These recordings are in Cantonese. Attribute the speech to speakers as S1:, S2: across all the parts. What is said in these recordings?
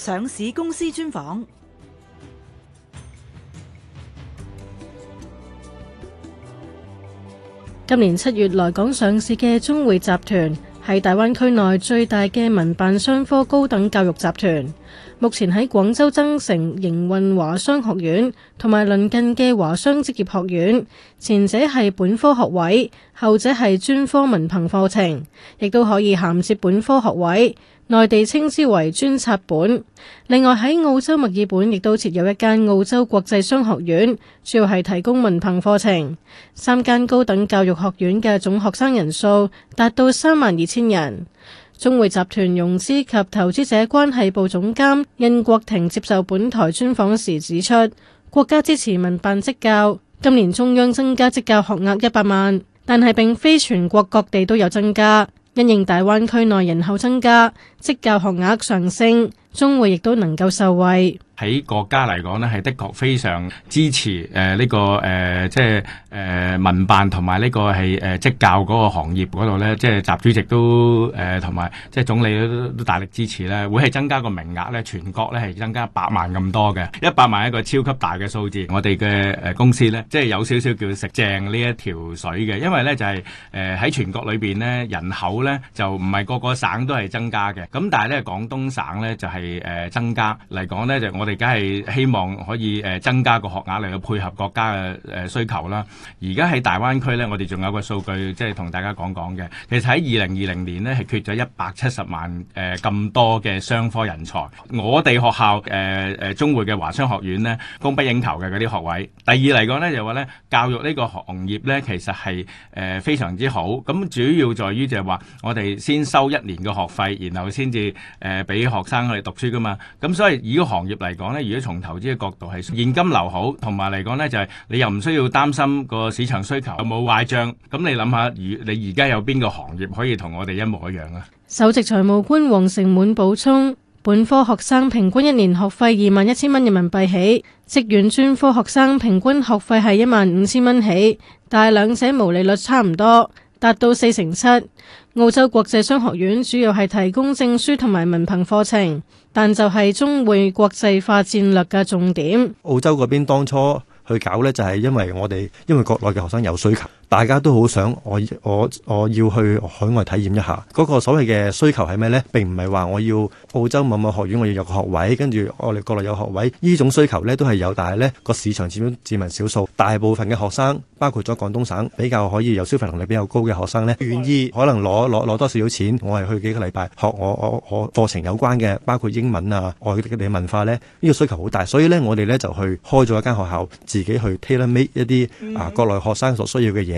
S1: 上市公司專訪。今年七月來港上市嘅中匯集團，係大灣區內最大嘅民辦商科高等教育集團。目前喺廣州增城營運華商學院，同埋鄰近嘅華商職業學院，前者係本科學位，後者係專科文憑課程，亦都可以銜接本科學位，內地稱之為專插本。另外喺澳洲墨爾本亦都設有一間澳洲國際商學院，主要係提供文憑課程。三間高等教育學院嘅總學生人數達到三萬二千人。中匯集團融資及投資者關係部總監印國庭接受本台專訪時指出，國家支持民辦職教，今年中央增加職教學額一百萬，但係並非全國各地都有增加。因應大灣區內人口增加，職教學額上升，中匯亦都能夠受惠。
S2: 喺國家嚟講咧，係的確非常支持誒呢個誒即係誒民辦同埋呢個係誒職教嗰個行業嗰度咧，即係習主席都誒同埋即係總理都都大力支持咧，會係增加個名額咧，全國咧係增加百萬咁多嘅，一百萬一個超級大嘅數字。我哋嘅誒公司咧，即係有少少叫食正呢一條水嘅，因為咧就係誒喺全國裏邊咧人口咧就唔係個個省都係增加嘅，咁但係咧廣東省咧就係誒增加嚟講咧就我。我哋梗係希望可以誒增加個學額嚟到配合國家嘅誒需求啦。而家喺大灣區呢，我哋仲有個數據，即係同大家講講嘅。其實喺二零二零年呢，係缺咗一百七十萬誒咁、呃、多嘅商科人才。我哋學校誒誒、呃、中滙嘅華商學院呢，供不應求嘅嗰啲學位。第二嚟講呢，就話、是、呢教育呢個行業呢，其實係誒、呃、非常之好。咁主要在於就係話我哋先收一年嘅學費，然後先至誒俾學生去讀書噶嘛。咁所以以個行業嚟。講咧，如果從投資嘅角度係現金流好，同埋嚟講咧就係你又唔需要擔心個市場需求有冇壞賬，咁你諗下，你而家有邊個行業可以同我哋一模一樣啊？
S1: 首席財務官王成滿補充，本科學生平均一年學費二萬一千蚊人民幣起，職員專科學生平均學費係一萬五千蚊起，但係兩者毛利率差唔多，達到四成七。澳洲國際商學院主要係提供證書同埋文憑課程，但就係中滙國際化戰略嘅重點。
S3: 澳洲嗰邊當初去搞呢，就係因為我哋因為國內嘅學生有需求。大家都好想我我我要去海外體驗一下嗰個所謂嘅需求係咩咧？並唔係話我要澳洲某某學院，我要入個學位，跟住我哋國內有學位呢種需求咧都係有，但係咧個市場佔佔只少數大部分嘅學生，包括咗廣東省比較可以有消費能力比較高嘅學生咧，願意可能攞攞多少少錢，我係去幾個禮拜學我我我課程有關嘅，包括英文啊外國嘅文化咧，呢個需求好大，所以咧我哋咧就去開咗一間學校，自己去 tailor-made 一啲啊國內學生所需要嘅嘢。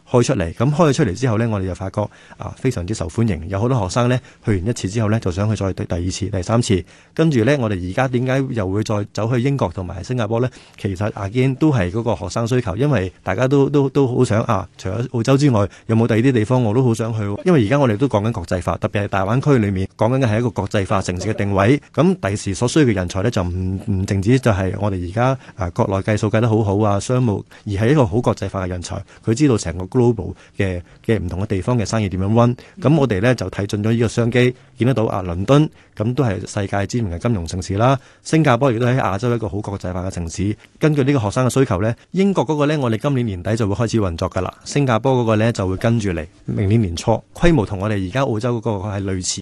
S3: 開出嚟，咁開咗出嚟之後呢，我哋就發覺啊，非常之受歡迎，有好多學生呢，去完一次之後呢，就想去再第第二次、第三次。跟住呢，我哋而家點解又會再走去英國同埋新加坡呢？其實阿堅都係嗰個學生需求，因為大家都都都好想啊，除咗澳洲之外，有冇第二啲地方我都好想去。因為而家我哋都講緊國際化，特別係大灣區裡面講緊嘅係一個國際化城市嘅定位。咁第時所需嘅人才呢，就唔唔淨止就係我哋而家啊國內計數計得好好啊，商務，而係一個好國際化嘅人才，佢知道成個。嘅嘅唔同嘅地方嘅生意點樣玩？咁我哋呢就睇準咗呢個商機，見得到啊，倫敦咁都係世界知名嘅金融城市啦。新加坡亦都喺亞洲一個好國際化嘅城市。根據呢個學生嘅需求呢，英國嗰個呢，我哋今年年底就會開始運作噶啦。新加坡嗰個呢就會跟住嚟，明年年初規模同我哋而家澳洲嗰個係類似。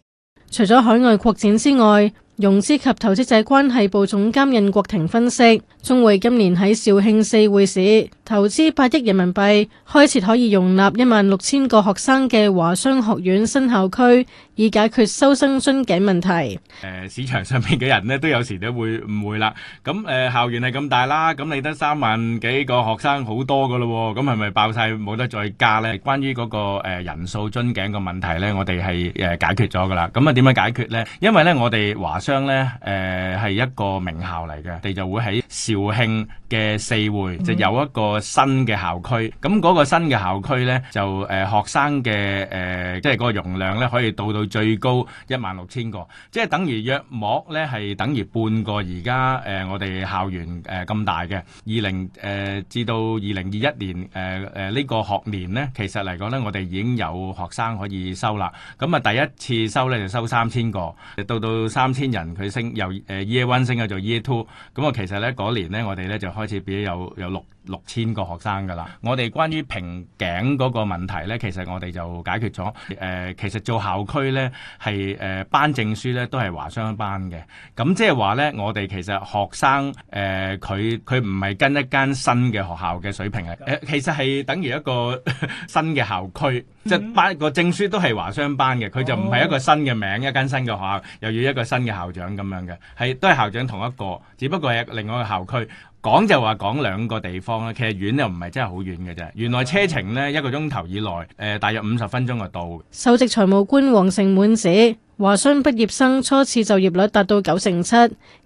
S1: 除咗海外擴展之外。融資及投資者關係部總監任國庭分析，中匯今年喺肇慶四會市投資八億人民幣，開設可以容納一萬六千個學生嘅華商學院新校區。以解決收生樽頸問題。
S2: 誒市場上面嘅人咧都有時都會誤會啦。咁誒校園係咁大啦，咁你得三萬幾個學生好多噶咯，咁係咪爆曬冇得再加咧？關於嗰個誒人數樽頸個問題咧，我哋係誒解決咗噶啦。咁啊點樣解決咧？因為咧我哋華商咧誒係一個名校嚟嘅，我哋就會喺肇慶嘅四會就有一個新嘅校區。咁嗰個新嘅校區咧就誒學生嘅誒即係嗰個容量咧可以到到，最高一萬六千個，即係等於約莫咧係等於半個而家誒我哋校園誒咁大嘅。二零誒至到二零二一年誒誒呢個學年咧，其實嚟講咧，我哋已經有學生可以收啦。咁啊第一次收咧就收三千個，到到三千人佢升由誒 Year One 升去做 Year Two，咁啊其實咧嗰年咧我哋咧就開始變咗有有六六千個學生噶啦。我哋關於瓶頸嗰個問題咧，其實我哋就解決咗誒。其實做校區咧。咧係誒，頒證書咧都係華商頒嘅，咁即係話咧，我哋其實學生誒，佢佢唔係跟一間新嘅學校嘅水平嚟，誒，其實係等於一個新嘅校區，即係頒個證書都係華商頒嘅，佢就唔係一個新嘅名，一間新嘅學校，又要一個新嘅校長咁樣嘅，係都係校長同一個，只不過係另外一個校區。講就話講兩個地方啦，其實遠又唔係真係好遠嘅啫。原來車程呢，一個鐘頭以內，誒、呃、大約五十分鐘就到。
S1: 首席財務官王成滿指，華商畢業生初次就業率達到九成七，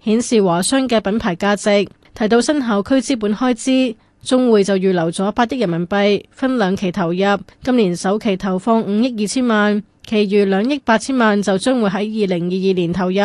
S1: 顯示華商嘅品牌價值。提到新校區資本開支，中匯就預留咗八億人民幣，分兩期投入，今年首期投放五億二千萬，其餘兩億八千萬就將會喺二零二二年投入，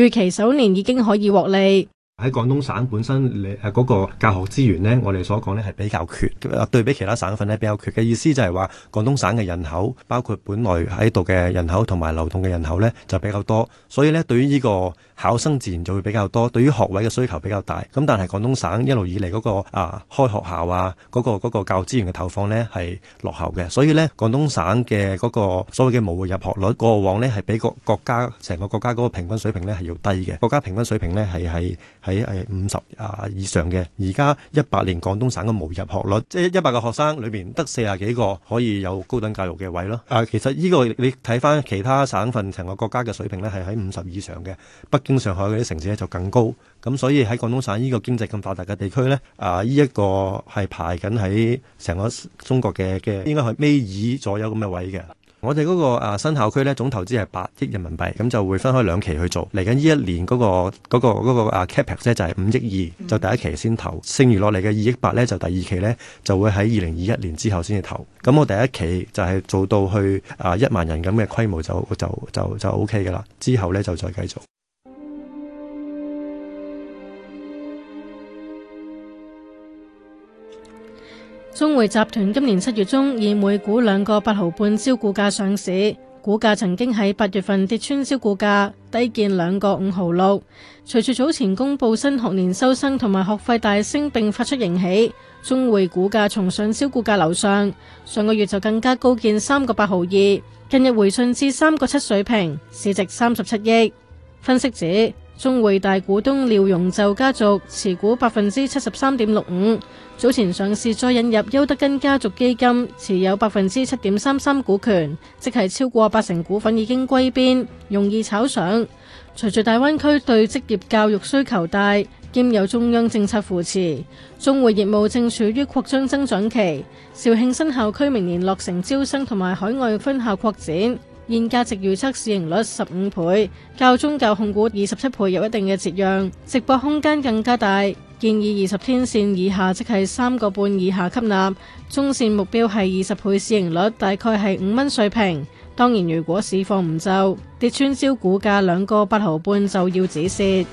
S1: 預期首年已經可以獲利。
S3: 喺廣東省本身，你誒嗰個教學資源呢，我哋所講呢係比較缺，對比其他省份呢，比較缺嘅意思就係話，廣東省嘅人口，包括本來喺度嘅人口同埋流動嘅人口呢，就比較多，所以呢，對於呢個，考生自然就會比較多，對於學位嘅需求比較大。咁但係廣東省一路以嚟嗰個啊開學校啊嗰個嗰個教資源嘅投放呢，係落後嘅，所以呢，廣東省嘅嗰個所謂嘅毛入學率，過往呢係比國國家成個國家嗰個平均水平呢係要低嘅。國家平均水平呢係係喺係五十啊以上嘅，而家一百年廣東省嘅毛入學率，即係一百個學生裏面得四十幾個可以有高等教育嘅位咯。啊，其實呢個你睇翻其他省份成個國家嘅水平呢，係喺五十以上嘅，北。東上海嗰啲城市咧就更高，咁所以喺廣東省呢個經濟咁發達嘅地區呢，啊，依一個係排緊喺成個中國嘅嘅應該係尾二左右咁嘅位嘅。我哋嗰個啊新校區咧總投資係八億人民幣，咁就會分開兩期去做。嚟緊呢一年嗰個嗰個嗰個嗰個啊 capex 就係五億二，就第一期先投，嗯，剩餘落嚟嘅二億八呢，就第二期呢就會喺二零二一年之後先至投。咁我第一期就係做到去啊一萬人咁嘅規模就就就就就 OK 噶啦，之後呢，就再繼續。
S1: 中滙集團今年七月中以每股兩個八毫半招股價上市，股價曾經喺八月份跌穿招股價，低見兩個五毫六。隨住早前公布新學年收生同埋學費大升，並發出盈喜，中滙股價重上招股價樓上，上個月就更加高見三個八毫二，近日回順至三個七水平，市值三十七億。分析指，中匯大股東廖榮就家族持股百分之七十三點六五，早前上市再引入邱德根家族基金持有百分之七點三三股權，即係超過八成股份已經歸邊，容易炒上。隨住大灣區對職業教育需求大，兼有中央政策扶持，中匯業務正處於擴張增長期。肇慶新校區明年落成招生，同埋海外分校擴展。現價值預測市盈率十五倍，較中教控股二十七倍有一定嘅折讓，直播空間更加大。建議二十天線以下即係三個半以下吸納，中線目標係二十倍市盈率，大概係五蚊水平。當然，如果市況唔就跌穿招股價兩個八毫半就要止蝕。